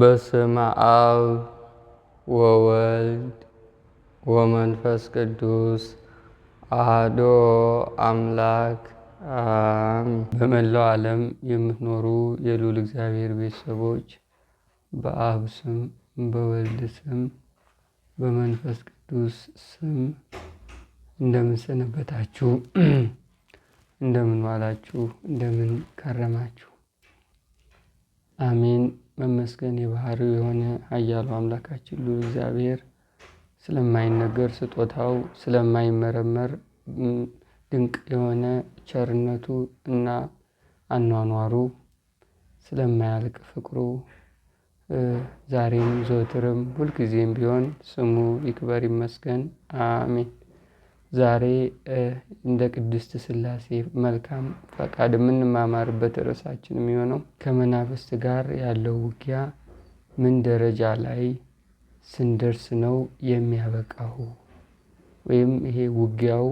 በስመ አብ ወወልድ ወመንፈስ ቅዱስ አህዶ አምላክ በመላው ዓለም የምትኖሩ የልዑል እግዚአብሔር ቤተሰቦች በአብ ስም በወልድ ስም በመንፈስ ቅዱስ ስም እንደምን ሰነበታችሁ? እንደምን ዋላችሁ? እንደምን ከረማችሁ? አሜን። መመስገን የባህሪው የሆነ ኃያሉ አምላካችን ሉ እግዚአብሔር ስለማይነገር ስጦታው ስለማይመረመር ድንቅ የሆነ ቸርነቱ እና አኗኗሩ ስለማያልቅ ፍቅሩ ዛሬም ዘወትርም ሁልጊዜም ቢሆን ስሙ ይክበር ይመስገን። አሜን። ዛሬ እንደ ቅድስት ስላሴ መልካም ፈቃድ የምንማማርበት ርዕሳችን የሚሆነው ከመናፍስት ጋር ያለው ውጊያ ምን ደረጃ ላይ ስንደርስ ነው የሚያበቃው? ወይም ይሄ ውጊያው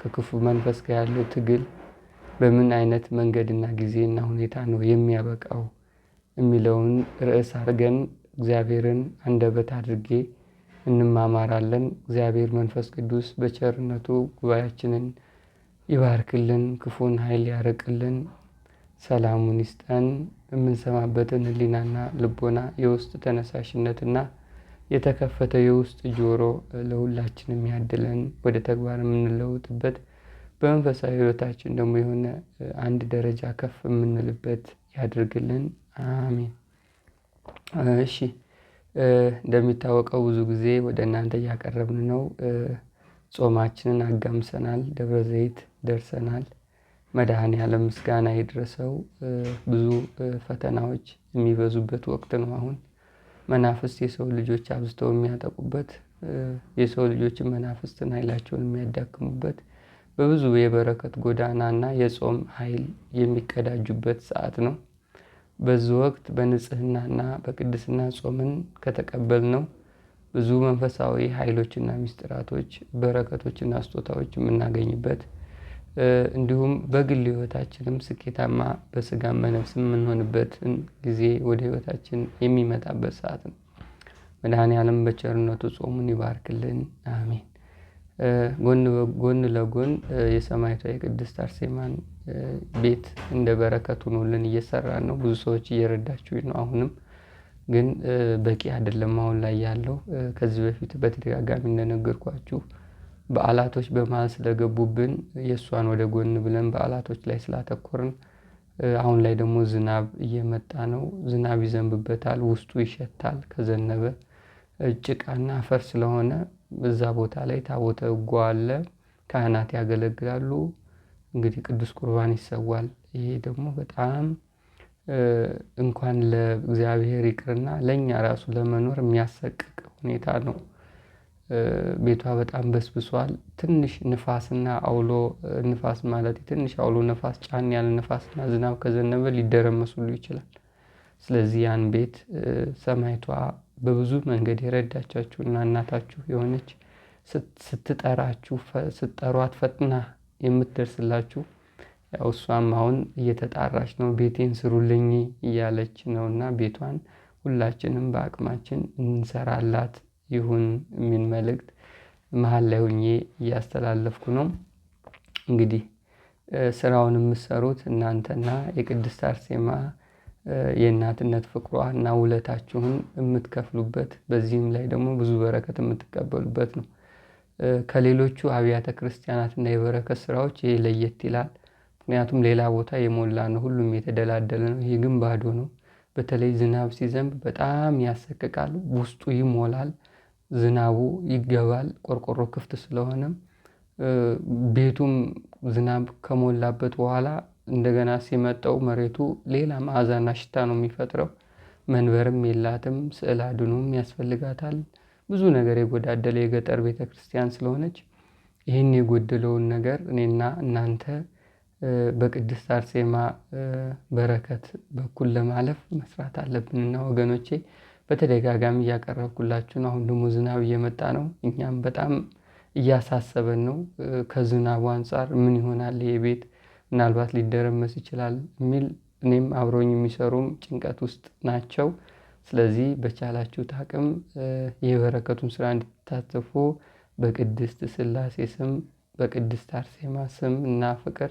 ከክፉ መንፈስ ጋር ያለው ትግል በምን አይነት መንገድና ጊዜና ሁኔታ ነው የሚያበቃው የሚለውን ርዕስ አድርገን እግዚአብሔርን አንደበት አድርጌ እንማማራለን። እግዚአብሔር መንፈስ ቅዱስ በቸርነቱ ጉባኤያችንን ይባርክልን፣ ክፉን ኃይል ያርቅልን፣ ሰላሙን ይስጠን። የምንሰማበትን ሕሊናና ልቦና የውስጥ ተነሳሽነትና የተከፈተ የውስጥ ጆሮ ለሁላችንም ያድለን። ወደ ተግባር የምንለውጥበት በመንፈሳዊ ሕይወታችን ደግሞ የሆነ አንድ ደረጃ ከፍ የምንልበት ያድርግልን። አሜን። እሺ እንደሚታወቀው ብዙ ጊዜ ወደ እናንተ እያቀረብን ነው። ጾማችንን አጋምሰናል። ደብረ ዘይት ደርሰናል። መድኃኔዓለም ምስጋና ይድረሰው። ብዙ ፈተናዎች የሚበዙበት ወቅት ነው አሁን። መናፍስት የሰው ልጆች አብዝተው የሚያጠቁበት፣ የሰው ልጆችን መናፍስትን ኃይላቸውን የሚያዳክሙበት፣ በብዙ የበረከት ጎዳና ና የጾም ኃይል የሚቀዳጁበት ሰዓት ነው። በዚህ ወቅት በንጽህናና በቅድስና ጾምን ከተቀበልነው ብዙ መንፈሳዊ ኃይሎችና ሚስጥራቶች፣ በረከቶችና ስጦታዎች የምናገኝበት እንዲሁም በግል ህይወታችንም ስኬታማ በስጋም በነፍስ የምንሆንበትን ጊዜ ወደ ህይወታችን የሚመጣበት ሰዓት ነው። መድኃኔ ዓለም በቸርነቱ ጾሙን ይባርክልን፣ አሜን። ጎን ጎን ለጎን የሰማዕቷ የቅድስት አርሴማን ቤት እንደ በረከት ሆኖልን እየሰራን ነው። ብዙ ሰዎች እየረዳችሁኝ ነው። አሁንም ግን በቂ አይደለም አሁን ላይ ያለው። ከዚህ በፊት በተደጋጋሚ እንደነገርኳችሁ በዓላቶች በመሀል ስለገቡብን የእሷን ወደ ጎን ብለን በዓላቶች ላይ ስላተኮርን፣ አሁን ላይ ደግሞ ዝናብ እየመጣ ነው። ዝናብ ይዘንብበታል፣ ውስጡ ይሸታል። ከዘነበ ጭቃና አፈር ስለሆነ እዛ ቦታ ላይ ታቦተ ሕጉ አለ፣ ካህናት ያገለግላሉ። እንግዲህ ቅዱስ ቁርባን ይሰዋል። ይሄ ደግሞ በጣም እንኳን ለእግዚአብሔር ይቅርና ለእኛ ራሱ ለመኖር የሚያሰቅቅ ሁኔታ ነው። ቤቷ በጣም በስብሷል። ትንሽ ንፋስና አውሎ ንፋስ ማለት ትንሽ አውሎ ነፋስ፣ ጫን ያለ ነፋስና ዝናብ ከዘነበ ሊደረመሱሉ ይችላል። ስለዚህ ያን ቤት ሰማይቷ በብዙ መንገድ የረዳቻችሁ እና እናታችሁ የሆነች ስትጠራችሁ ስትጠሯት ፈጥና የምትደርስላችሁ ያው እሷም አሁን እየተጣራች ነው። ቤቴን ስሩልኝ እያለች እና ቤቷን ሁላችንም በአቅማችን እንሰራላት ይሁን የሚል መልእክት መሀል ላይ ሁኜ እያስተላለፍኩ ነው። እንግዲህ ስራውን የምትሰሩት እናንተና የቅድስት አርሴማ የእናትነት ፍቅሯ እና ውለታችሁን የምትከፍሉበት በዚህም ላይ ደግሞ ብዙ በረከት የምትቀበሉበት ነው። ከሌሎቹ አብያተ እና የበረከት ስራዎች ይሄ ለየት ይላል። ምክንያቱም ሌላ ቦታ የሞላ ነው፣ ሁሉም የተደላደለ ነው። ይህ ግን ባዶ ነው። በተለይ ዝናብ ሲዘንብ በጣም ያሰቅቃል፣ ውስጡ ይሞላል፣ ዝናቡ ይገባል። ቆርቆሮ ክፍት ስለሆነም ቤቱም ዝናብ ከሞላበት በኋላ እንደገና ሲመጠው መሬቱ ሌላ መዓዛና ሽታ ነው የሚፈጥረው። መንበርም የላትም፣ ስዕል አድኖም ያስፈልጋታል። ብዙ ነገር የጎዳደለ የገጠር ቤተ ክርስቲያን ስለሆነች ይህን የጎደለውን ነገር እኔና እናንተ በቅድስት አርሴማ በረከት በኩል ለማለፍ መስራት አለብንና ወገኖቼ በተደጋጋሚ እያቀረብኩላችሁ ነው። አሁን ደግሞ ዝናብ እየመጣ ነው። እኛም በጣም እያሳሰበን ነው። ከዝናቡ አንጻር ምን ይሆናል ይሄ ቤት ምናልባት ሊደረመስ ይችላል የሚል እኔም አብሮኝ የሚሰሩም ጭንቀት ውስጥ ናቸው። ስለዚህ በቻላችሁት አቅም የበረከቱን ስራ እንድትታተፉ በቅድስት ስላሴ ስም በቅድስት አርሴማ ስም እና ፍቅር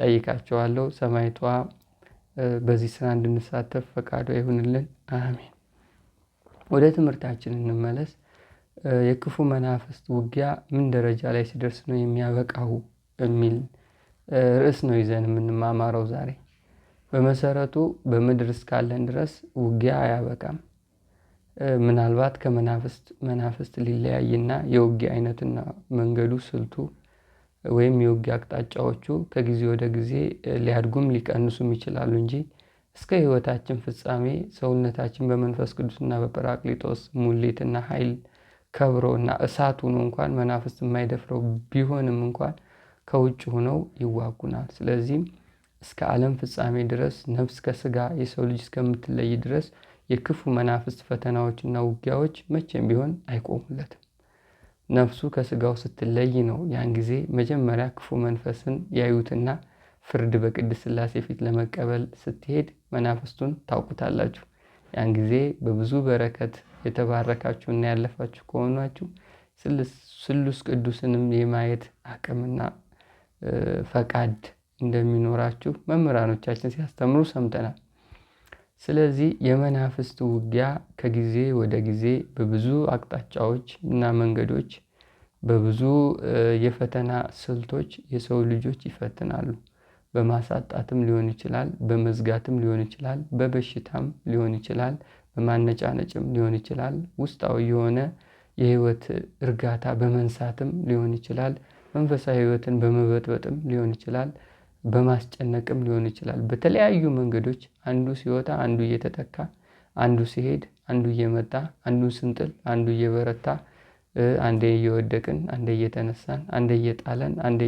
ጠይቃቸዋለሁ። ሰማይቷ በዚህ ስራ እንድንሳተፍ ፈቃዷ ይሁንልን፣ አሜን። ወደ ትምህርታችን እንመለስ። የክፉ መናፍስት ውጊያ ምን ደረጃ ላይ ሲደርስ ነው የሚያበቃው የሚል ርዕስ ነው ይዘን የምንማማረው ዛሬ። በመሰረቱ በምድር እስካለን ድረስ ውጊያ አያበቃም። ምናልባት ከመናፍስት መናፍስት ሊለያይና የውጊያ አይነትና መንገዱ ስልቱ ወይም የውጊያ አቅጣጫዎቹ ከጊዜ ወደ ጊዜ ሊያድጉም ሊቀንሱም ይችላሉ እንጂ እስከ ሕይወታችን ፍጻሜ ሰውነታችን በመንፈስ ቅዱስና በጰራቅሊጦስ ሙሌትና ኃይል ከብሮና እሳት ሆኖ እንኳን መናፍስት የማይደፍረው ቢሆንም እንኳን ከውጭ ሆነው ይዋጉናል። ስለዚህም እስከ ዓለም ፍጻሜ ድረስ ነፍስ ከስጋ የሰው ልጅ እስከምትለይ ድረስ የክፉ መናፍስት ፈተናዎችና ውጊያዎች መቼም ቢሆን አይቆሙለትም። ነፍሱ ከስጋው ስትለይ ነው ያን ጊዜ መጀመሪያ ክፉ መንፈስን ያዩትና ፍርድ በቅድስት ሥላሴ ፊት ለመቀበል ስትሄድ መናፍስቱን ታውቁታላችሁ። ያን ጊዜ በብዙ በረከት የተባረካችሁና ያለፋችሁ ከሆናችሁ ስሉስ ቅዱስንም የማየት አቅምና ፈቃድ እንደሚኖራችሁ መምህራኖቻችን ሲያስተምሩ ሰምተናል። ስለዚህ የመናፍስት ውጊያ ከጊዜ ወደ ጊዜ በብዙ አቅጣጫዎች እና መንገዶች በብዙ የፈተና ስልቶች የሰው ልጆች ይፈትናሉ። በማሳጣትም ሊሆን ይችላል፣ በመዝጋትም ሊሆን ይችላል፣ በበሽታም ሊሆን ይችላል፣ በማነጫነጭም ሊሆን ይችላል፣ ውስጣዊ የሆነ የህይወት እርጋታ በመንሳትም ሊሆን ይችላል። መንፈሳዊ ህይወትን በመበጥበጥም ሊሆን ይችላል፣ በማስጨነቅም ሊሆን ይችላል። በተለያዩ መንገዶች አንዱ ሲወጣ አንዱ እየተተካ፣ አንዱ ሲሄድ አንዱ እየመጣ፣ አንዱ ስንጥል አንዱ እየበረታ፣ አንዴ እየወደቅን፣ አንዴ እየተነሳን፣ አንዴ እየጣለን፣ አንዴ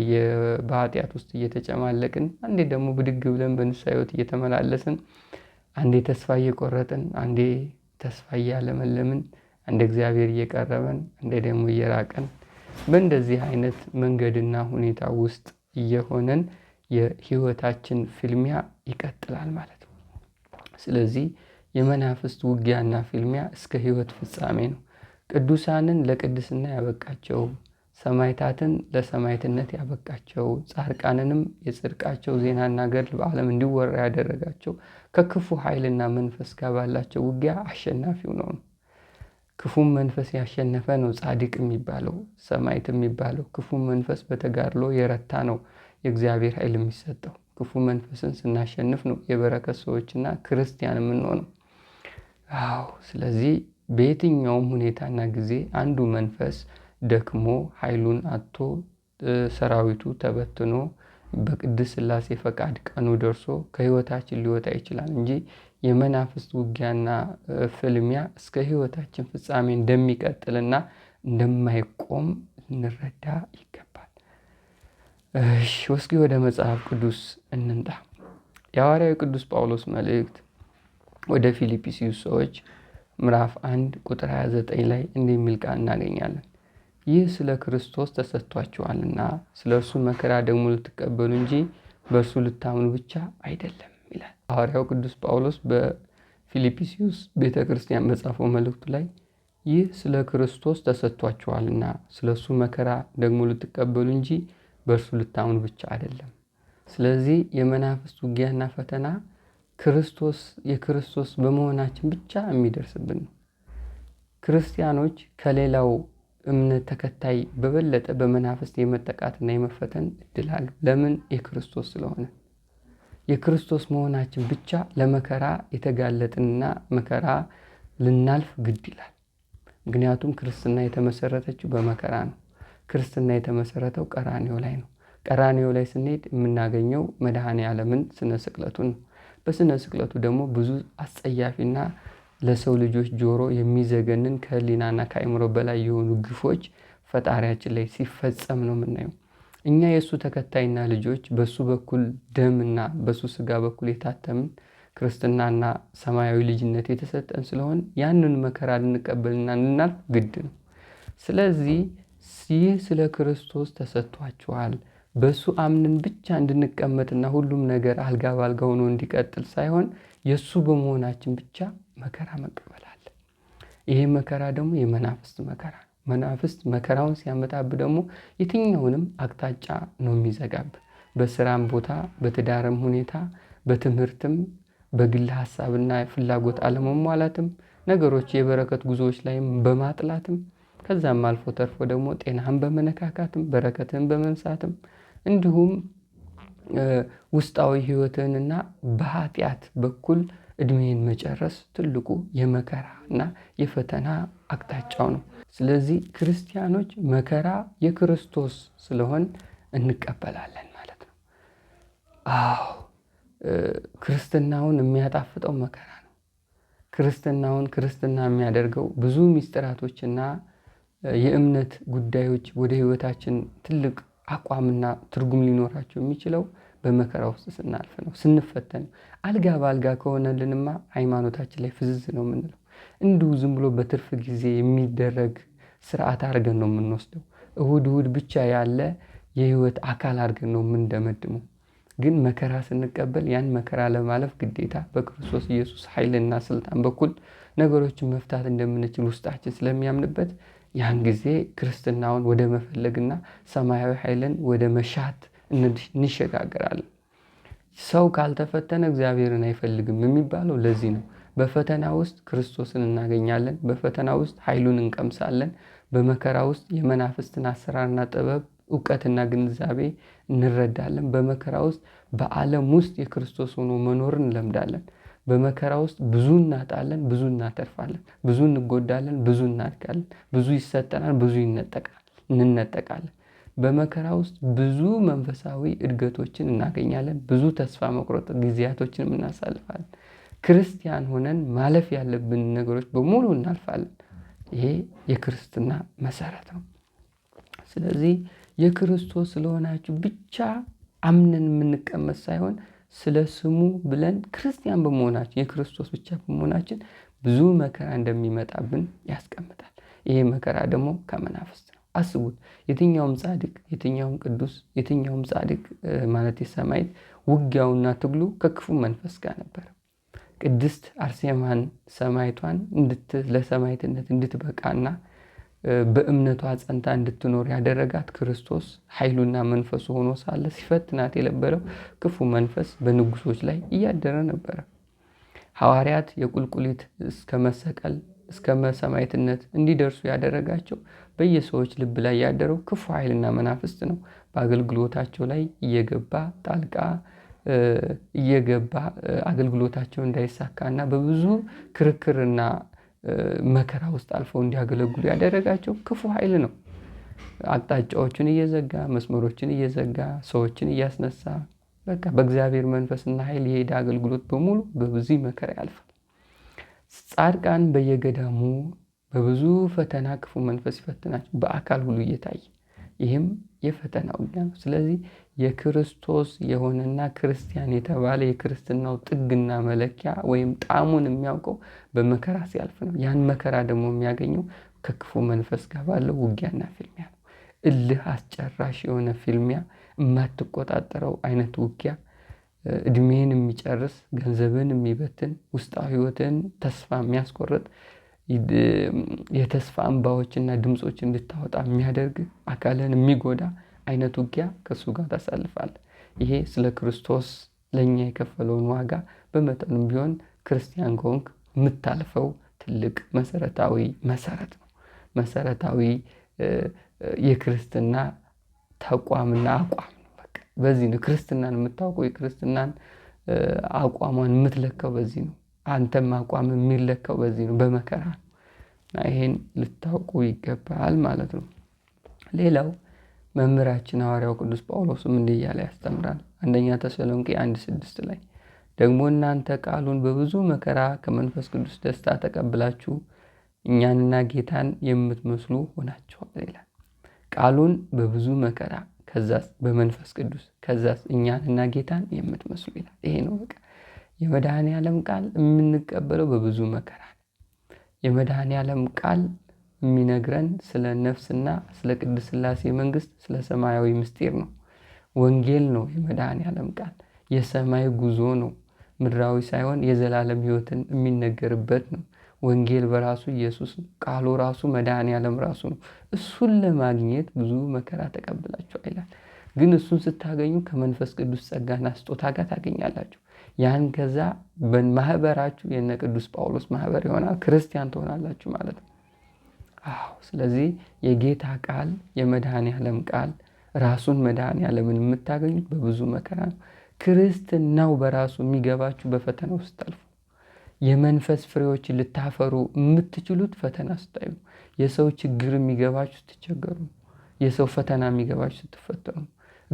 በኃጢአት ውስጥ እየተጨማለቅን፣ አንዴ ደግሞ ብድግ ብለን በንስሐ ህይወት እየተመላለስን፣ አንዴ ተስፋ እየቆረጥን፣ አንዴ ተስፋ እያለመለምን፣ አንዴ እግዚአብሔር እየቀረበን፣ አንዴ ደግሞ እየራቀን በእንደዚህ አይነት መንገድና ሁኔታ ውስጥ እየሆነን የህይወታችን ፍልሚያ ይቀጥላል ማለት ነው። ስለዚህ የመናፍስት ውጊያና ፍልሚያ እስከ ህይወት ፍጻሜ ነው። ቅዱሳንን ለቅድስና ያበቃቸው፣ ሰማይታትን ለሰማይትነት ያበቃቸው፣ ጻድቃንንም የጽድቃቸው ዜናና ገድል በዓለም እንዲወራ ያደረጋቸው ከክፉ ኃይልና መንፈስ ጋር ባላቸው ውጊያ አሸናፊው ነው። ክፉም መንፈስ ያሸነፈ ነው ጻድቅ የሚባለው ሰማዕት የሚባለው። ክፉም መንፈስ በተጋድሎ የረታ ነው የእግዚአብሔር ኃይል የሚሰጠው። ክፉ መንፈስን ስናሸንፍ ነው የበረከት ሰዎችና ክርስቲያን የምንሆነው። አዎ። ስለዚህ በየትኛውም ሁኔታና ጊዜ አንዱ መንፈስ ደክሞ ኃይሉን አጥቶ ሰራዊቱ ተበትኖ በቅድስት ሥላሴ ፈቃድ ቀኑ ደርሶ ከሕይወታችን ሊወጣ ይችላል እንጂ የመናፍስት ውጊያና ፍልሚያ እስከ ህይወታችን ፍጻሜ እንደሚቀጥልና እንደማይቆም ልንረዳ ይገባል። እሺ እስኪ ወደ መጽሐፍ ቅዱስ እንምጣ። የሐዋርያው ቅዱስ ጳውሎስ መልእክት ወደ ፊልጵስዩስ ሰዎች ምዕራፍ 1 ቁጥር 29 ላይ እንደሚል ቃል እናገኛለን። ይህ ስለ ክርስቶስ ተሰጥቷችኋልና ስለ እርሱ መከራ ደግሞ ልትቀበሉ እንጂ በእርሱ ልታምኑ ብቻ አይደለም ይላል ሐዋርያው ቅዱስ ጳውሎስ በፊልጵስዩስ ቤተ ክርስቲያን በጻፈው መልእክቱ ላይ ይህ ስለ ክርስቶስ ተሰጥቷችኋልና ስለ እሱ መከራ ደግሞ ልትቀበሉ እንጂ በእርሱ ልታምኑ ብቻ አይደለም። ስለዚህ የመናፍስት ውጊያና ፈተና ክርስቶስ የክርስቶስ በመሆናችን ብቻ የሚደርስብን ነው። ክርስቲያኖች ከሌላው እምነት ተከታይ በበለጠ በመናፍስት የመጠቃትና የመፈተን እድል ለምን? የክርስቶስ ስለሆነ። የክርስቶስ መሆናችን ብቻ ለመከራ የተጋለጥንና መከራ ልናልፍ ግድ ይላል። ምክንያቱም ክርስትና የተመሰረተችው በመከራ ነው። ክርስትና የተመሰረተው ቀራኔው ላይ ነው። ቀራኔው ላይ ስንሄድ የምናገኘው መድኃኔ ዓለምን ስነ ስቅለቱን ነው። በስነ ስቅለቱ ደግሞ ብዙ አስጸያፊና ለሰው ልጆች ጆሮ የሚዘገንን ከህሊናና ከአይምሮ በላይ የሆኑ ግፎች ፈጣሪያችን ላይ ሲፈጸም ነው የምናየው። እኛ የእሱ ተከታይና ልጆች በእሱ በኩል ደምና በእሱ ስጋ በኩል የታተምን ክርስትናና ሰማያዊ ልጅነት የተሰጠን ስለሆን ያንን መከራ ልንቀበልና ልናልፍ ግድ ነው። ስለዚህ ይህ ስለ ክርስቶስ ተሰጥቷችኋል። በእሱ አምነን ብቻ እንድንቀመጥና ሁሉም ነገር አልጋ ባልጋ ሆኖ እንዲቀጥል ሳይሆን የእሱ በመሆናችን ብቻ መከራ መቀበል አለ። ይሄ መከራ ደግሞ የመናፍስት መከራ መናፍስት መከራውን ሲያመጣብ ደግሞ የትኛውንም አቅጣጫ ነው የሚዘጋብ። በስራም ቦታ፣ በትዳርም ሁኔታ፣ በትምህርትም፣ በግል ሀሳብና ፍላጎት አለመሟላትም፣ ነገሮች የበረከት ጉዞዎች ላይም በማጥላትም ከዛም አልፎ ተርፎ ደግሞ ጤናህን በመነካካትም በረከትህን በመንሳትም እንዲሁም ውስጣዊ ህይወትህንና በኃጢአት በኩል እድሜን መጨረስ ትልቁ የመከራና የፈተና አቅጣጫው ነው። ስለዚህ ክርስቲያኖች መከራ የክርስቶስ ስለሆን እንቀበላለን ማለት ነው። አዎ ክርስትናውን የሚያጣፍጠው መከራ ነው። ክርስትናውን ክርስትና የሚያደርገው ብዙ ሚስጥራቶችና የእምነት ጉዳዮች ወደ ህይወታችን ትልቅ አቋምና ትርጉም ሊኖራቸው የሚችለው በመከራ ውስጥ ስናልፍ ነው፣ ስንፈተን። አልጋ በአልጋ ከሆነልንማ ሃይማኖታችን ላይ ፍዝዝ ነው የምንለው። እንዲሁ ዝም ብሎ በትርፍ ጊዜ የሚደረግ ስርዓት አድርገን ነው የምንወስደው። እሁድ እሁድ ብቻ ያለ የህይወት አካል አድርገን ነው የምንደመድመው። ግን መከራ ስንቀበል ያን መከራ ለማለፍ ግዴታ በክርስቶስ ኢየሱስ ኃይልና ስልጣን በኩል ነገሮችን መፍታት እንደምንችል ውስጣችን ስለሚያምንበት ያን ጊዜ ክርስትናውን ወደ መፈለግና ሰማያዊ ኃይልን ወደ መሻት እንሸጋገራለን። ሰው ካልተፈተነ እግዚአብሔርን አይፈልግም የሚባለው ለዚህ ነው። በፈተና ውስጥ ክርስቶስን እናገኛለን። በፈተና ውስጥ ኃይሉን እንቀምሳለን። በመከራ ውስጥ የመናፍስትን አሰራርና ጥበብ እውቀትና ግንዛቤ እንረዳለን። በመከራ ውስጥ በዓለም ውስጥ የክርስቶስ ሆኖ መኖርን እንለምዳለን። በመከራ ውስጥ ብዙ እናጣለን፣ ብዙ እናተርፋለን፣ ብዙ እንጎዳለን፣ ብዙ እናድጋለን፣ ብዙ ይሰጠናል፣ ብዙ እንነጠቃለን። በመከራ ውስጥ ብዙ መንፈሳዊ እድገቶችን እናገኛለን። ብዙ ተስፋ መቁረጥ ጊዜያቶችንም እናሳልፋለን። ክርስቲያን ሆነን ማለፍ ያለብን ነገሮች በሙሉ እናልፋለን። ይሄ የክርስትና መሰረት ነው። ስለዚህ የክርስቶስ ስለሆናችሁ ብቻ አምነን የምንቀመጥ ሳይሆን ስለ ስሙ ብለን ክርስቲያን በመሆናችን የክርስቶስ ብቻ በመሆናችን ብዙ መከራ እንደሚመጣብን ያስቀምጣል። ይሄ መከራ ደግሞ ከመናፍስት ነው። አስቡት፣ የትኛውም ጻድቅ፣ የትኛውም ቅዱስ፣ የትኛውም ጻድቅ ማለት የሰማዕት ውጊያውና ትግሉ ከክፉ መንፈስ ጋር ነበር። ቅድስት አርሴማን ሰማይቷን ለሰማይትነት እንድትበቃና በእምነቷ ጸንታ እንድትኖር ያደረጋት ክርስቶስ ኃይሉና መንፈሱ ሆኖ ሳለ ሲፈትናት የነበረው ክፉ መንፈስ በንጉሶች ላይ እያደረ ነበረ። ሐዋርያት የቁልቁሊት እስከ መሰቀል እስከ መሰማይትነት እንዲደርሱ ያደረጋቸው በየሰዎች ልብ ላይ ያደረው ክፉ ኃይልና መናፍስት ነው። በአገልግሎታቸው ላይ እየገባ ጣልቃ እየገባ አገልግሎታቸው እንዳይሳካና በብዙ ክርክርና መከራ ውስጥ አልፈው እንዲያገለግሉ ያደረጋቸው ክፉ ኃይል ነው። አቅጣጫዎችን እየዘጋ መስመሮችን እየዘጋ ሰዎችን እያስነሳ በቃ በእግዚአብሔር መንፈስና ኃይል የሄደ አገልግሎት በሙሉ በብዙ መከራ ያልፋል። ጻድቃን በየገዳሙ በብዙ ፈተና ክፉ መንፈስ ይፈትናቸው በአካል ሁሉ እየታየ ይህም የፈተናው እኛ ነው። ስለዚህ የክርስቶስ የሆነና ክርስቲያን የተባለ የክርስትናው ጥግና መለኪያ ወይም ጣዕሙን የሚያውቀው በመከራ ሲያልፍ ነው። ያን መከራ ደግሞ የሚያገኘው ከክፉ መንፈስ ጋር ባለው ውጊያና ፊልሚያ ነው። እልህ አስጨራሽ የሆነ ፊልሚያ፣ የማትቆጣጠረው አይነት ውጊያ እድሜን የሚጨርስ ገንዘብን የሚበትን ውስጣዊ ሕይወትን ተስፋ የሚያስቆርጥ የተስፋ እንባዎችና ድምፆች እንድታወጣ የሚያደርግ አካልን የሚጎዳ አይነት ውጊያ ከእሱ ጋር ታሳልፋል። ይሄ ስለ ክርስቶስ ለእኛ የከፈለውን ዋጋ በመጠኑም ቢሆን ክርስቲያን ከሆንክ የምታልፈው ትልቅ መሰረታዊ መሰረት ነው። መሰረታዊ የክርስትና ተቋምና አቋም ነው። በዚህ ነው ክርስትናን የምታውቀው፣ የክርስትናን አቋሟን የምትለካው በዚህ ነው። አንተም አቋም የሚለካው በዚህ ነው፣ በመከራ ነው። እና ይሄን ልታውቁ ይገባል ማለት ነው። ሌላው መምህራችን ሐዋርያው ቅዱስ ጳውሎስም እንዲህ እያለ ያስተምራል። አንደኛ ተሰሎንቄ አንድ ስድስት ላይ ደግሞ እናንተ ቃሉን በብዙ መከራ ከመንፈስ ቅዱስ ደስታ ተቀብላችሁ እኛንና ጌታን የምትመስሉ ሆናችኋል ይላል። ቃሉን በብዙ መከራ ከዛስ በመንፈስ ቅዱስ ከዛስ እኛንና ጌታን የምትመስሉ ይላል። ይሄ ነው በቃ የመድኃኔ ዓለም ቃል የምንቀበለው በብዙ መከራ ነው። የመድኃኔ ዓለም ቃል የሚነግረን ስለ ነፍስና ስለ ቅድስት ሥላሴ መንግስት፣ ስለ ሰማያዊ ምስጢር ነው። ወንጌል ነው የመድኃኔ ዓለም ቃል። የሰማይ ጉዞ ነው። ምድራዊ ሳይሆን የዘላለም ሕይወትን የሚነገርበት ነው። ወንጌል በራሱ ኢየሱስ ነው። ቃሉ ራሱ መድኃኔ ዓለም ራሱ ነው። እሱን ለማግኘት ብዙ መከራ ተቀብላችኋል ይላል። ግን እሱን ስታገኙ ከመንፈስ ቅዱስ ጸጋና ስጦታ ጋር ታገኛላችሁ። ያን ከዛ በማህበራችሁ የነ ቅዱስ ጳውሎስ ማህበር ይሆናል፣ ክርስቲያን ትሆናላችሁ ማለት ነው። አዎ። ስለዚህ የጌታ ቃል የመድኃኔ ዓለም ቃል ራሱን መድኃኒ ዓለምን የምታገኙት በብዙ መከራ ነው። ክርስትናው በራሱ የሚገባችሁ በፈተና ውስጥ አልፎ የመንፈስ ፍሬዎች ልታፈሩ የምትችሉት ፈተና ስታዩ፣ የሰው ችግር የሚገባችሁ ስትቸገሩ፣ የሰው ፈተና የሚገባችሁ ስትፈተኑ፣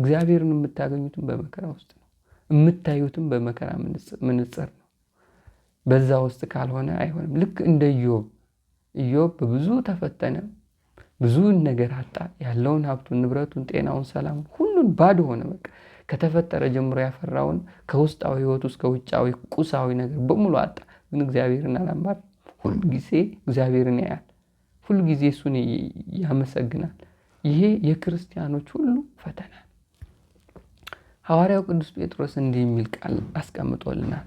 እግዚአብሔርን የምታገኙትን በመከራ ውስጥ የምታዩትም በመከራ መነጽር ነው። በዛ ውስጥ ካልሆነ አይሆንም። ልክ እንደ ኢዮብ ኢዮብ ብዙ ተፈተነ፣ ብዙ ነገር አጣ። ያለውን ሀብቱን፣ ንብረቱን፣ ጤናውን፣ ሰላሙን ሁሉን ባዶ ሆነ። በቃ ከተፈጠረ ጀምሮ ያፈራውን ከውስጣዊ ህይወቱ እስከ ውጫዊ ቁሳዊ ነገር በሙሉ አጣ። ግን እግዚአብሔርን አላማረም። ሁልጊዜ እግዚአብሔርን ያያል፣ ሁልጊዜ እሱን ያመሰግናል። ይሄ የክርስቲያኖች ሁሉ ፈተና ሐዋርያው ቅዱስ ጴጥሮስ እንዲህ የሚል ቃል አስቀምጦልናል።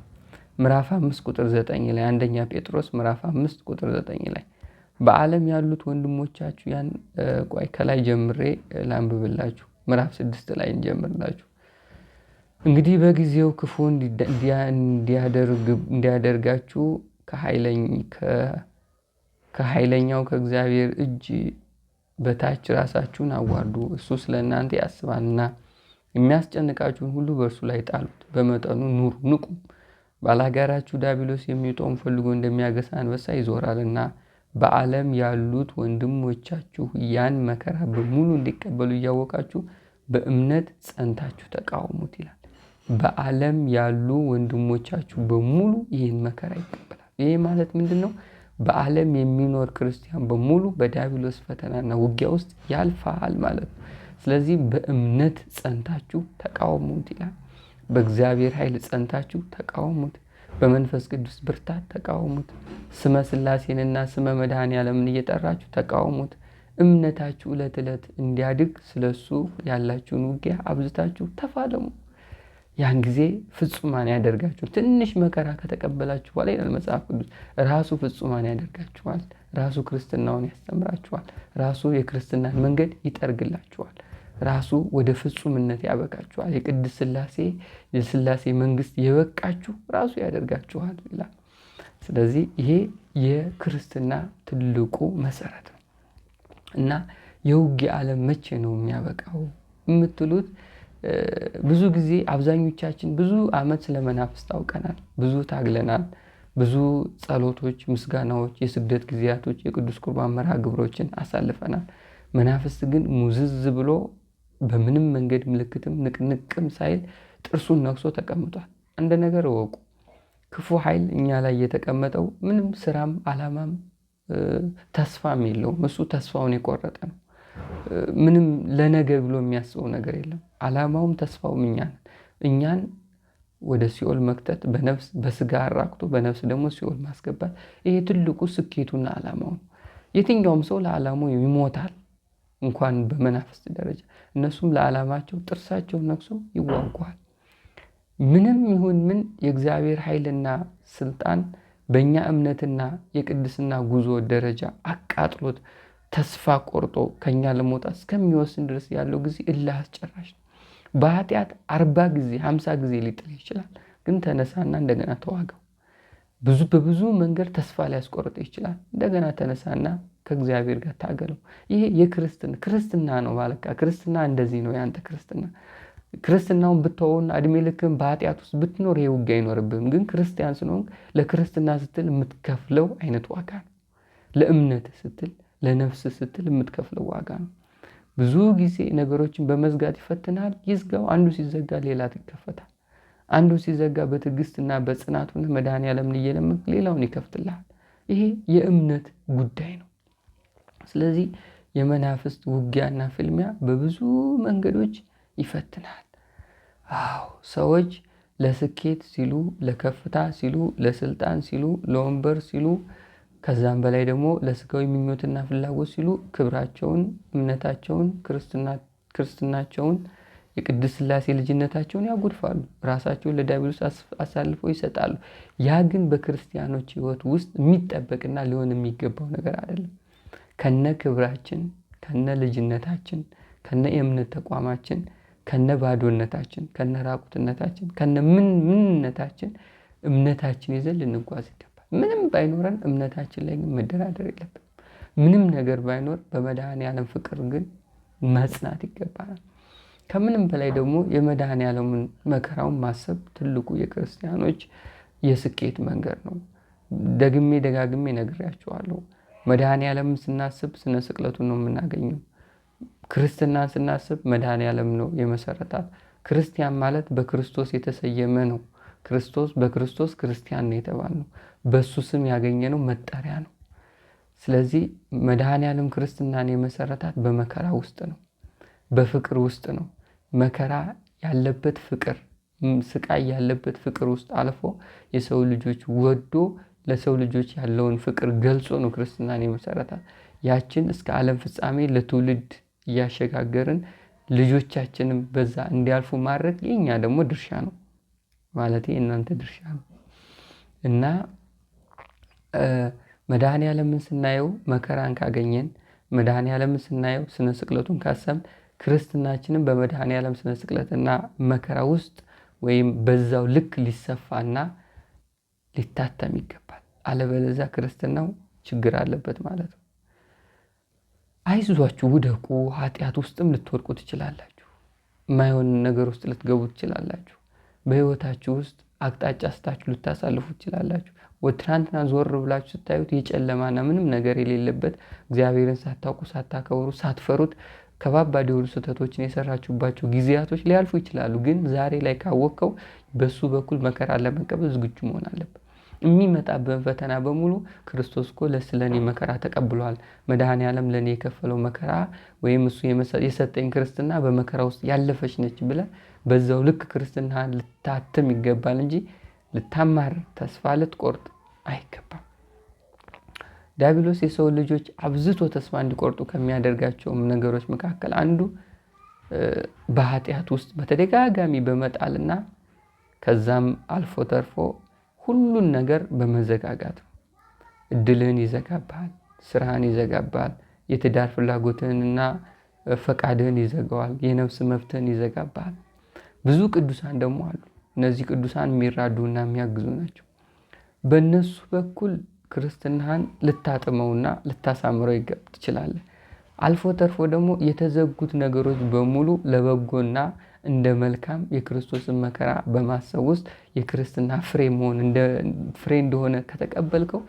ምዕራፍ አምስት ቁጥር ዘጠኝ ላይ አንደኛ ጴጥሮስ ምዕራፍ አምስት ቁጥር ዘጠኝ ላይ በዓለም ያሉት ወንድሞቻችሁ ያን ቋይ ከላይ ጀምሬ ላንብብላችሁ። ምዕራፍ ስድስት ላይ እንጀምርላችሁ። እንግዲህ በጊዜው ክፉ እንዲያደርጋችሁ ከኃይለኛው ከእግዚአብሔር እጅ በታች ራሳችሁን አዋርዱ፣ እሱ ስለ እናንተ ያስባልና የሚያስጨንቃችሁን ሁሉ በእርሱ ላይ ጣሉት፣ በመጠኑ ኑሩ፣ ንቁ። ባላጋራችሁ ዳቢሎስ የሚውጠውን ፈልጎ እንደሚያገሳ አንበሳ ይዞራልና በዓለም ያሉት ወንድሞቻችሁ ያን መከራ በሙሉ እንዲቀበሉ እያወቃችሁ በእምነት ጸንታችሁ ተቃውሙት ይላል። በዓለም ያሉ ወንድሞቻችሁ በሙሉ ይህን መከራ ይቀበላል። ይህ ማለት ምንድን ነው? በዓለም የሚኖር ክርስቲያን በሙሉ በዲያብሎስ ፈተናና ውጊያ ውስጥ ያልፋል ማለት ነው። ስለዚህ በእምነት ጸንታችሁ ተቃውሙት ይላል። በእግዚአብሔር ኃይል ጸንታችሁ ተቃውሙት። በመንፈስ ቅዱስ ብርታት ተቃውሙት። ስመ ስላሴንና ስመ መድኃኔ ዓለምን እየጠራችሁ ተቃውሙት። እምነታችሁ ዕለት ዕለት እንዲያድግ ስለሱ ያላችሁን ውጊያ አብዝታችሁ ተፋለሙ። ያን ጊዜ ፍጹማን ያደርጋችሁ ትንሽ መከራ ከተቀበላችሁ በኋላ ይላል መጽሐፍ ቅዱስ ራሱ ፍጹማን ያደርጋችኋል። ራሱ ክርስትናውን ያስተምራችኋል። ራሱ የክርስትናን መንገድ ይጠርግላችኋል። ራሱ ወደ ፍጹምነት ያበቃችኋል። የቅድስት ስላሴ የስላሴ መንግስት የበቃችሁ ራሱ ያደርጋችኋል ይላል። ስለዚህ ይሄ የክርስትና ትልቁ መሰረት ነው እና የውጌ ዓለም መቼ ነው የሚያበቃው የምትሉት ብዙ ጊዜ አብዛኞቻችን ብዙ ዓመት ስለ መናፍስት ታውቀናል። ብዙ ታግለናል። ብዙ ጸሎቶች፣ ምስጋናዎች፣ የስግደት ጊዜያቶች፣ የቅዱስ ቁርባን መርሃ ግብሮችን አሳልፈናል። መናፍስት ግን ሙዝዝ ብሎ በምንም መንገድ ምልክትም ንቅንቅም ሳይል ጥርሱን ነክሶ ተቀምጧል። አንድ ነገር እወቁ፣ ክፉ ኃይል እኛ ላይ የተቀመጠው ምንም ስራም አላማም ተስፋም የለውም። እሱ ተስፋውን የቆረጠ ነው። ምንም ለነገ ብሎ የሚያስበው ነገር የለም። አላማውም ተስፋውም እኛ ነን። እኛን ወደ ሲኦል መክተት በነፍስ በስጋ አራክቶ በነፍስ ደግሞ ሲኦል ማስገባት፣ ይሄ ትልቁ ስኬቱና አላማው ነው። የትኛውም ሰው ለዓላማው ይሞታል እንኳን በመናፍስት ደረጃ፣ እነሱም ለዓላማቸው ጥርሳቸው ነክሶ ይዋጓል። ምንም ይሁን ምን የእግዚአብሔር ኃይልና ስልጣን በእኛ እምነትና የቅድስና ጉዞ ደረጃ አቃጥሎት ተስፋ ቆርጦ ከኛ ለመውጣት እስከሚወስን ድረስ ያለው ጊዜ እልህ አስጨራሽ ነው። በኃጢአት አርባ ጊዜ ሀምሳ ጊዜ ሊጥል ይችላል። ግን ተነሳና እንደገና ተዋጋው። ብዙ በብዙ መንገድ ተስፋ ሊያስቆርጥ ይችላል። እንደገና ተነሳና ከእግዚአብሔር ጋር ታገለው። ይሄ የክርስትና ክርስትና ነው። ባለካ ክርስትና እንደዚህ ነው። ያንተ ክርስትና ክርስትናውን ብትሆን እድሜ ልክም በኃጢአት ውስጥ ብትኖር ይሄ ውጊያ አይኖርብህም። ግን ክርስቲያን ስለሆንክ ለክርስትና ስትል የምትከፍለው አይነት ዋጋ ነው። ለእምነት ስትል ለነፍስ ስትል የምትከፍለው ዋጋ ነው። ብዙ ጊዜ ነገሮችን በመዝጋት ይፈትናል። ይዝጋው። አንዱ ሲዘጋ ሌላ ይከፈታል። አንዱ ሲዘጋ በትዕግስትና በጽናቱን መድኃኔዓለምን እየለመንክ ሌላውን ይከፍትልሃል። ይሄ የእምነት ጉዳይ ነው። ስለዚህ የመናፍስት ውጊያና ፍልሚያ በብዙ መንገዶች ይፈትናል። አዎ ሰዎች ለስኬት ሲሉ፣ ለከፍታ ሲሉ፣ ለስልጣን ሲሉ፣ ለወንበር ሲሉ ከዛም በላይ ደግሞ ለስጋዊ ምኞትና ፍላጎት ሲሉ ክብራቸውን፣ እምነታቸውን፣ ክርስትናቸውን፣ የቅድስት ስላሴ ልጅነታቸውን ያጎድፋሉ። ራሳቸውን ለዲያብሎስ አሳልፈው ይሰጣሉ። ያ ግን በክርስቲያኖች ሕይወት ውስጥ የሚጠበቅና ሊሆን የሚገባው ነገር አይደለም። ከነ ክብራችን፣ ከነ ልጅነታችን፣ ከነ የእምነት ተቋማችን፣ ከነ ባዶነታችን፣ ከነ ራቁትነታችን፣ ከነ ምንነታችን እምነታችን ይዘን ልንጓዝ ምንም ባይኖረን እምነታችን ላይ ግን መደራደር የለብንም። ምንም ነገር ባይኖር በመድኃኔ ዓለም ፍቅር ግን መጽናት ይገባናል። ከምንም በላይ ደግሞ የመድኃኔ ዓለምን መከራውን ማሰብ ትልቁ የክርስቲያኖች የስኬት መንገድ ነው። ደግሜ ደጋግሜ ነግሬያቸዋለሁ። መድኃኔ ዓለምን ስናስብ ስነ ስቅለቱ ነው የምናገኘው። ክርስትናን ስናስብ መድኃኔ ዓለም ነው የመሰረታት። ክርስቲያን ማለት በክርስቶስ የተሰየመ ነው። ክርስቶስ በክርስቶስ ክርስቲያን ነው የተባልነው በእሱ ስም ያገኘነው መጠሪያ ነው። ስለዚህ መድኃኔ ዓለም ክርስትናን የመሰረታት በመከራ ውስጥ ነው፣ በፍቅር ውስጥ ነው። መከራ ያለበት ፍቅር፣ ስቃይ ያለበት ፍቅር ውስጥ አልፎ የሰው ልጆች ወዶ ለሰው ልጆች ያለውን ፍቅር ገልጾ ነው ክርስትናን የመሰረታት። ያችን እስከ ዓለም ፍጻሜ ለትውልድ እያሸጋገርን ልጆቻችንም በዛ እንዲያልፉ ማድረግ የኛ ደግሞ ድርሻ ነው። ማለት የእናንተ ድርሻ ነው እና መድኃኔ ዓለምን ስናየው መከራን ካገኘን፣ መድኃኔ ዓለምን ስናየው ስነ ስቅለቱን ካሰብን፣ ክርስትናችንም በመድኃኔ ዓለም ስነ ስቅለትና መከራ ውስጥ ወይም በዛው ልክ ሊሰፋና ሊታተም ይገባል። አለበለዚያ ክርስትናው ችግር አለበት ማለት ነው። አይዟችሁ፣ ውደቁ። ኃጢአት ውስጥም ልትወድቁ ትችላላችሁ። ማይሆን ነገር ውስጥ ልትገቡ ትችላላችሁ። በህይወታችሁ ውስጥ አቅጣጫ ስታችሁ ልታሳልፉ ትችላላችሁ። ትናንትና ዞር ብላችሁ ስታዩት የጨለማና ምንም ነገር የሌለበት እግዚአብሔርን ሳታውቁ ሳታከብሩ ሳትፈሩት ከባባድ የሆኑ ስህተቶችን የሰራችሁባቸው ጊዜያቶች ሊያልፉ ይችላሉ። ግን ዛሬ ላይ ካወቅከው በሱ በኩል መከራ ለመቀበል ዝግጁ መሆን አለበት። የሚመጣብን ፈተና በሙሉ ክርስቶስ እኮ ለስለኔ መከራ ተቀብሏል። መድኃኔ ዓለም ለእኔ የከፈለው መከራ ወይም እሱ የሰጠኝ ክርስትና በመከራ ውስጥ ያለፈች ነች ብለን በዛው ልክ ክርስትና ልታትም ይገባል እንጂ ልታማር ተስፋ ልትቆርጥ አይገባም። ዲያብሎስ የሰው ልጆች አብዝቶ ተስፋ እንዲቆርጡ ከሚያደርጋቸውም ነገሮች መካከል አንዱ በኃጢአት ውስጥ በተደጋጋሚ በመጣልና ከዛም አልፎ ተርፎ ሁሉን ነገር በመዘጋጋት እድልህን ይዘጋብሃል፣ ስራህን ይዘጋብሃል፣ የትዳር ፍላጎትህንና ፈቃድህን ይዘጋዋል፣ የነፍስ መብትህን ይዘጋብሃል። ብዙ ቅዱሳን ደግሞ አሉ። እነዚህ ቅዱሳን የሚራዱና የሚያግዙ ናቸው። በእነሱ በኩል ክርስትናህን ልታጥመውና ልታሳምረው ይገብ ትችላለህ። አልፎ ተርፎ ደግሞ የተዘጉት ነገሮች በሙሉ ለበጎና እንደ መልካም የክርስቶስን መከራ በማሰብ ውስጥ የክርስትና ፍሬ መሆን ፍሬ እንደሆነ ከተቀበልከው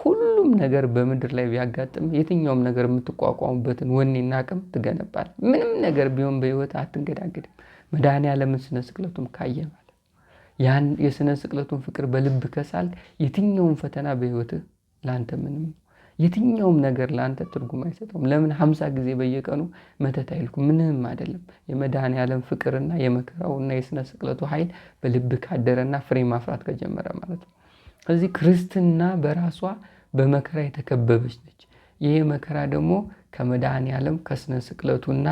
ሁሉም ነገር በምድር ላይ ቢያጋጥም የትኛውም ነገር የምትቋቋሙበትን ወኔና አቅም ትገነባል። ምንም ነገር ቢሆን በህይወት አትንገዳግድም። መድኃኔ ዓለምን ስነ ስቅለቱም ካየ ማለት ያን የስነ ስቅለቱን ፍቅር በልብ ከሳል የትኛውም ፈተና በህይወት ለአንተ ምንም የትኛውም ነገር ለአንተ ትርጉም አይሰጠውም። ለምን ሀምሳ ጊዜ በየቀኑ መተት አይልኩ ምንም አይደለም። የመድኃኔ ዓለም ፍቅርና የመከራውና የስነ ስቅለቱ ኃይል በልብ ካደረና ፍሬ ማፍራት ከጀመረ ማለት ነው። ስለዚህ ክርስትና በራሷ በመከራ የተከበበች ነች። ይህ መከራ ደግሞ ከመድኃኔ ዓለም ከስነ ስቅለቱና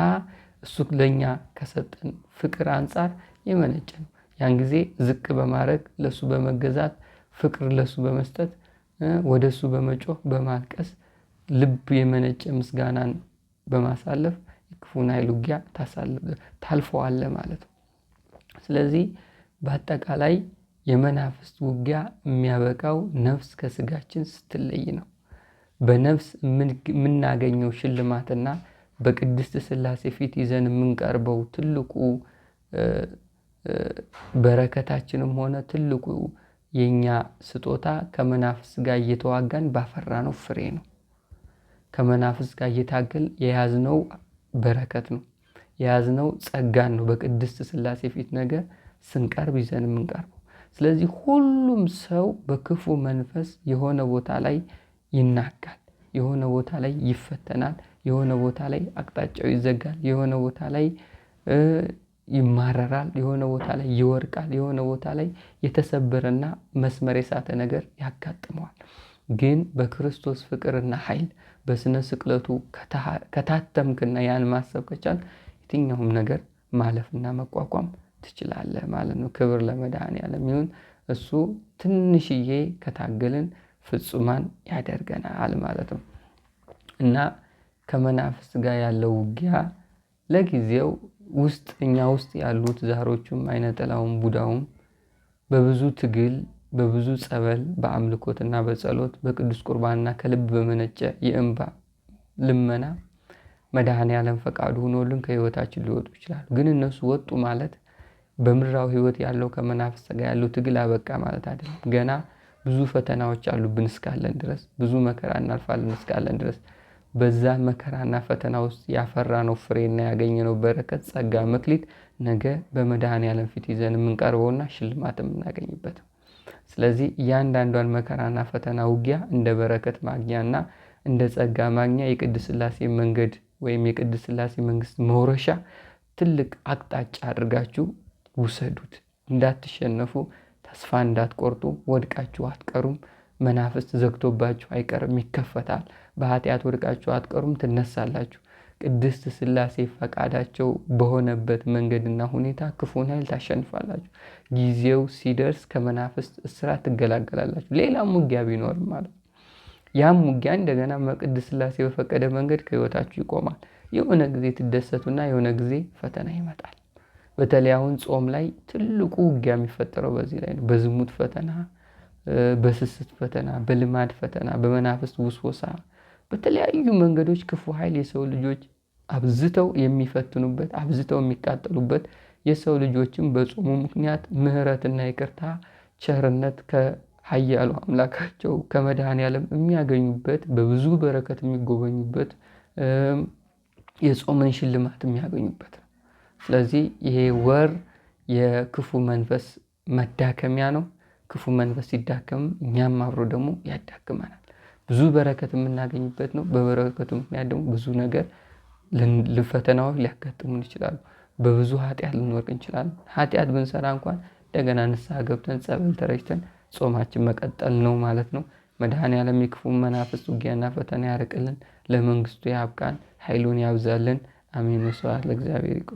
እሱ ለእኛ ከሰጠን ፍቅር አንጻር የመነጨ ነው። ያን ጊዜ ዝቅ በማድረግ ለሱ በመገዛት ፍቅር ለሱ በመስጠት ወደ እሱ በመጮህ በማልቀስ ልብ የመነጨ ምስጋናን በማሳለፍ የክፉን ኃይል ውጊያ ታልፈዋለ ማለት ነው። ስለዚህ በአጠቃላይ የመናፍስት ውጊያ የሚያበቃው ነፍስ ከስጋችን ስትለይ ነው። በነፍስ የምናገኘው ሽልማትና በቅድስት ስላሴ ፊት ይዘን የምንቀርበው ትልቁ በረከታችንም ሆነ ትልቁ የእኛ ስጦታ ከመናፍስ ጋር እየተዋጋን ባፈራነው ፍሬ ነው። ከመናፍስ ጋር እየታገል የያዝነው በረከት ነው የያዝነው ጸጋን ነው። በቅድስት ስላሴ ፊት ነገ ስንቀርብ ይዘን የምንቀርበው። ስለዚህ ሁሉም ሰው በክፉ መንፈስ የሆነ ቦታ ላይ ይናጋል፣ የሆነ ቦታ ላይ ይፈተናል። የሆነ ቦታ ላይ አቅጣጫው ይዘጋል፣ የሆነ ቦታ ላይ ይማረራል፣ የሆነ ቦታ ላይ ይወርቃል፣ የሆነ ቦታ ላይ የተሰበረና መስመር የሳተ ነገር ያጋጥመዋል። ግን በክርስቶስ ፍቅርና ኃይል በስነ ስቅለቱ ከታተምክና ያን ማሰብ ከቻል የትኛውም ነገር ማለፍና መቋቋም ትችላለህ ማለት ነው። ክብር ለመድኃኔዓለም ይሁን። እሱ ትንሽዬ ከታገልን ፍጹማን ያደርገናል ማለት ነው እና ከመናፍስት ጋር ያለው ውጊያ ለጊዜው ውስጥ እኛ ውስጥ ያሉት ዛሮቹም አይነጥላውም ቡዳውም በብዙ ትግል በብዙ ጸበል በአምልኮትና በጸሎት በቅዱስ ቁርባንና ከልብ በመነጨ የእንባ ልመና መድኃኔ ዓለም ፈቃዱ ሆኖልን ከህይወታችን ሊወጡ ይችላሉ። ግን እነሱ ወጡ ማለት በምድራዊ ህይወት ያለው ከመናፍስት ጋር ያለው ትግል አበቃ ማለት አይደለም። ገና ብዙ ፈተናዎች አሉብን እስካለን ድረስ ብዙ መከራ እናልፋለን እስካለን ድረስ በዛ መከራና ፈተና ውስጥ ያፈራነው ፍሬና ያገኘነው በረከት፣ ጸጋ፣ መክሊት ነገ በመድኃኔ ዓለም ፊት ይዘን የምንቀርበውና ሽልማት የምናገኝበት። ስለዚህ እያንዳንዷን መከራና ፈተና ውጊያ እንደ በረከት ማግኛና እንደ ጸጋ ማግኛ የቅድስት ሥላሴ መንገድ ወይም የቅድስት ሥላሴ መንግስት መውረሻ ትልቅ አቅጣጫ አድርጋችሁ ውሰዱት። እንዳትሸነፉ፣ ተስፋ እንዳትቆርጡ፣ ወድቃችሁ አትቀሩም። መናፍስት ዘግቶባችሁ አይቀርም፣ ይከፈታል። በኃጢአት ወድቃችሁ አትቀሩም፣ ትነሳላችሁ። ቅድስት ስላሴ ፈቃዳቸው በሆነበት መንገድና ሁኔታ ክፉን ኃይል ታሸንፋላችሁ። ጊዜው ሲደርስ ከመናፍስት እስራት ትገላገላላችሁ። ሌላም ውጊያ ቢኖርም ማለት ያም ውጊያ እንደገና መቅድስት ስላሴ በፈቀደ መንገድ ከህይወታችሁ ይቆማል። የሆነ ጊዜ ትደሰቱና የሆነ ጊዜ ፈተና ይመጣል። በተለይ አሁን ጾም ላይ ትልቁ ውጊያ የሚፈጠረው በዚህ ላይ ነው። በዝሙት ፈተና በስስት ፈተና፣ በልማድ ፈተና፣ በመናፍስት ውስወሳ፣ በተለያዩ መንገዶች ክፉ ኃይል የሰው ልጆች አብዝተው የሚፈትኑበት አብዝተው የሚቃጠሉበት የሰው ልጆችም በጾሙ ምክንያት ምሕረትና ይቅርታ ቸርነት ከኃያሉ አምላካቸው ከመድኃኔዓለም የሚያገኙበት በብዙ በረከት የሚጎበኙበት የጾምን ሽልማት የሚያገኙበት ነው። ስለዚህ ይሄ ወር የክፉ መንፈስ መዳከሚያ ነው። ክፉ መንፈስ ሲዳከም እኛም አብሮ ደግሞ ያዳክመናል። ብዙ በረከት የምናገኝበት ነው። በበረከቱ ምክንያት ደግሞ ብዙ ነገር ልፈተናዎች ሊያጋጥሙን ይችላሉ። በብዙ ኃጢአት ልንወርቅ እንችላለን። ኃጢአት ብንሰራ እንኳን እንደገና ንስሐ ገብተን ጸበል ተረጭተን ጾማችን መቀጠል ነው ማለት ነው። መድኃኔዓለም የክፉ መናፍስት ውጊያና ፈተና ያርቅልን፣ ለመንግስቱ ያብቃን፣ ኃይሉን ያብዛልን። አሜን። መስዋዕት ለእግዚአብሔር። ይቆይ።